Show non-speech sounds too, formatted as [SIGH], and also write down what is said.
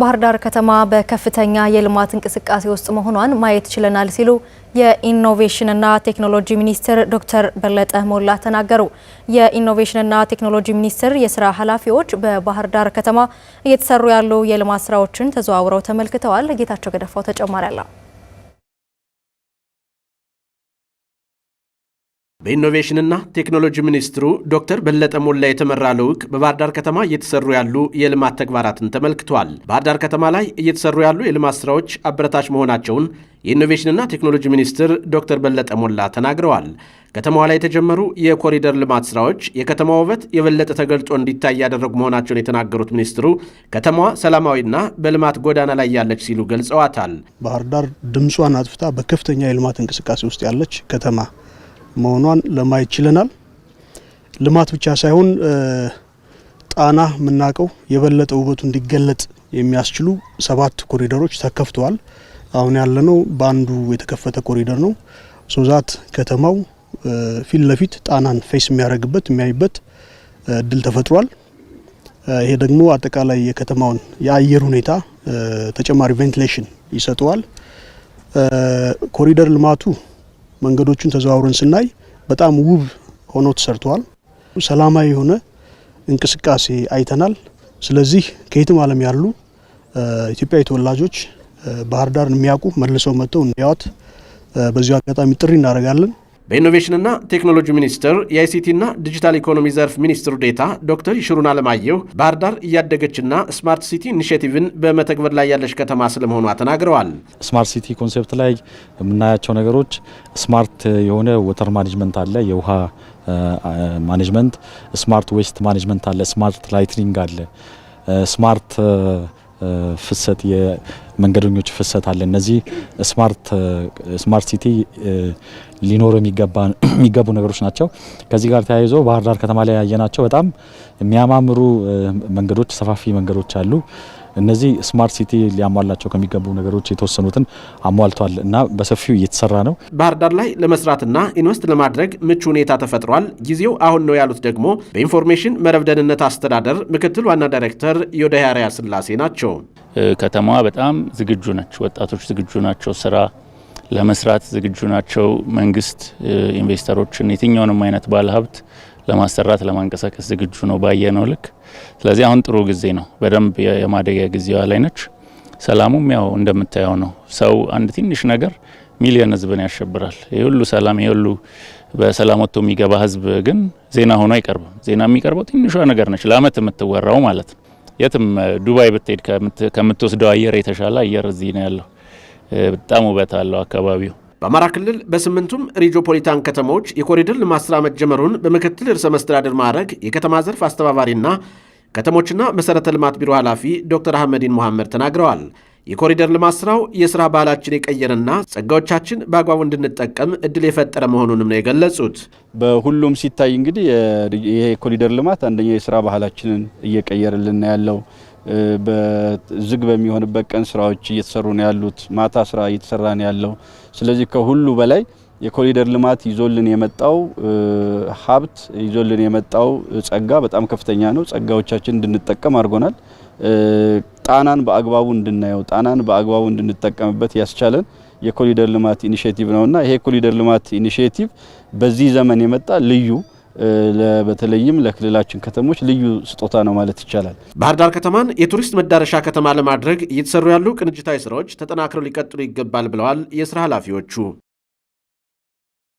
ባህር ዳር ከተማ በከፍተኛ የልማት እንቅስቃሴ ውስጥ መሆኗን ማየት ችለናል ሲሉ የኢኖቬሽንና ቴክኖሎጂ ሚኒስትር ዶክተር በለጠ ሞላ ተናገሩ። የኢኖቬሽንና ቴክኖሎጂ ሚኒስቴር የስራ ኃላፊዎች በባህር ዳር ከተማ እየተሰሩ ያሉ የልማት ስራዎችን ተዘዋውረው ተመልክተዋል። ጌታቸው ገደፋው ተጨማሪ አለው። በኢኖቬሽንና ቴክኖሎጂ ሚኒስትሩ ዶክተር በለጠ ሞላ የተመራ ልዑክ በባህር ዳር ከተማ እየተሰሩ ያሉ የልማት ተግባራትን ተመልክቷል። ባህር ዳር ከተማ ላይ እየተሰሩ ያሉ የልማት ስራዎች አበረታች መሆናቸውን የኢኖቬሽንና ቴክኖሎጂ ሚኒስትር ዶክተር በለጠ ሞላ ተናግረዋል። ከተማዋ ላይ የተጀመሩ የኮሪደር ልማት ስራዎች የከተማ ውበት የበለጠ ተገልጾ እንዲታይ ያደረጉ መሆናቸውን የተናገሩት ሚኒስትሩ ከተማዋ ሰላማዊና በልማት ጎዳና ላይ ያለች ሲሉ ገልጸዋታል። ባህር ዳር ድምጿን አጥፍታ በከፍተኛ የልማት እንቅስቃሴ ውስጥ ያለች ከተማ መሆኗን ለማየት ችለናል። ልማት ብቻ ሳይሆን ጣና የምናውቀው የበለጠ ውበቱ እንዲገለጥ የሚያስችሉ ሰባት ኮሪደሮች ተከፍተዋል። አሁን ያለነው በአንዱ የተከፈተ ኮሪደር ነው። ሶዛት ከተማው ፊት ለፊት ጣናን ፌስ የሚያደርግበት የሚያይበት እድል ተፈጥሯል። ይሄ ደግሞ አጠቃላይ የከተማውን የአየር ሁኔታ ተጨማሪ ቬንቲሌሽን ይሰጠዋል። ኮሪደር ልማቱ መንገዶቹን ተዘዋውረን ስናይ በጣም ውብ ሆኖ ተሰርተዋል። ሰላማዊ የሆነ እንቅስቃሴ አይተናል። ስለዚህ ከየትም ዓለም ያሉ ኢትዮጵያዊ ተወላጆች ባህር ዳርን የሚያውቁ መልሰው መጥተው እንዲያዋት በዚሁ አጋጣሚ ጥሪ እናደርጋለን። በኢኖቬሽንና ቴክኖሎጂ ሚኒስቴር የአይሲቲና ዲጂታል ኢኮኖሚ ዘርፍ ሚኒስትር ዴታ ዶክተር ይሽሩን አለማየሁ ባህር ዳር እያደገችና ስማርት ሲቲ ኢኒሽቲቭን በመተግበር ላይ ያለች ከተማ ስለመሆኗ ተናግረዋል። ስማርት ሲቲ ኮንሴፕት ላይ የምናያቸው ነገሮች ስማርት የሆነ ወተር ማኔጅመንት አለ፣ የውሃ ማኔጅመንት፣ ስማርት ዌስት ማኔጅመንት አለ፣ ስማርት ላይትኒንግ አለ፣ ስማርት ፍሰት የመንገደኞች ፍሰት አለ። እነዚህ ስማርት ሲቲ ሊኖሩ [CLEARS THROAT] የሚገቡ ነገሮች ናቸው። ከዚህ ጋር ተያይዞ ባህር ዳር ከተማ ላይ ያየናቸው በጣም የሚያማምሩ መንገዶች፣ ሰፋፊ መንገዶች አሉ። እነዚህ ስማርት ሲቲ ሊያሟላቸው ከሚገቡ ነገሮች የተወሰኑትን አሟልቷል እና በሰፊው እየተሰራ ነው። ባህር ዳር ላይ ለመስራትና ኢንቨስት ለማድረግ ምቹ ሁኔታ ተፈጥሯል፣ ጊዜው አሁን ነው ያሉት ደግሞ በኢንፎርሜሽን መረብ ደህንነት አስተዳደር ምክትል ዋና ዳይሬክተር ዮዳያርያ ስላሴ ናቸው። ከተማዋ በጣም ዝግጁ ነች፣ ወጣቶች ዝግጁ ናቸው ስራ ለመስራት ዝግጁ ናቸው። መንግስት ኢንቨስተሮችን፣ የትኛውንም አይነት ባለሀብት ለማሰራት ለማንቀሳቀስ ዝግጁ ነው ባየነው ልክ። ስለዚህ አሁን ጥሩ ጊዜ ነው። በደንብ የማደጊያ ጊዜዋ ላይ ነች። ሰላሙም ያው እንደምታየው ነው። ሰው አንድ ትንሽ ነገር ሚሊዮን ህዝብን ያሸብራል። ይህ ሁሉ ሰላም ይህ ሁሉ በሰላም ወጥቶ የሚገባ ህዝብ ግን ዜና ሆኖ አይቀርብም። ዜና የሚቀርበው ትንሿ ነገር ነች፣ ለአመት የምትወራው ማለት ነው። የትም ዱባይ ብትሄድ ከምትወስደው አየር የተሻለ አየር እዚህ ነው ያለው። በጣም ውበት አለው አካባቢው። በአማራ ክልል በስምንቱም ሪጆፖሊታን ከተሞች የኮሪደር ልማት ስራ መጀመሩን በምክትል ርዕሰ መስተዳድር ማዕረግ የከተማ ዘርፍ አስተባባሪና ከተሞችና መሠረተ ልማት ቢሮ ኃላፊ ዶክተር አህመዲን መሐመድ ተናግረዋል። የኮሪደር ልማት ስራው የስራ ባህላችን የቀየረና ጸጋዎቻችን በአግባቡ እንድንጠቀም እድል የፈጠረ መሆኑንም ነው የገለጹት። በሁሉም ሲታይ እንግዲህ ይሄ የኮሪደር ልማት አንደኛው የስራ ባህላችንን እየቀየረልን ያለው በዝግ በሚሆንበት ቀን ስራዎች እየተሰሩ ነው ያሉት፣ ማታ ስራ እየተሰራ ነው ያለው። ስለዚህ ከሁሉ በላይ የኮሪደር ልማት ይዞልን የመጣው ሀብት ይዞልን የመጣው ጸጋ በጣም ከፍተኛ ነው። ጸጋዎቻችን እንድንጠቀም አድርጎናል። ጣናን በአግባቡ እንድናየው ጣናን በአግባቡ እንድንጠቀምበት ያስቻለን የኮሊደር ልማት ኢኒሽቲቭ ነውና ይሄ ኮሊደር ልማት ኢኒሽቲቭ በዚህ ዘመን የመጣ ልዩ በተለይም ለክልላችን ከተሞች ልዩ ስጦታ ነው ማለት ይቻላል። ባህር ዳር ከተማን የቱሪስት መዳረሻ ከተማ ለማድረግ እየተሰሩ ያሉ ቅንጅታዊ ስራዎች ተጠናክረው ሊቀጥሉ ይገባል ብለዋል የስራ ኃላፊዎቹ።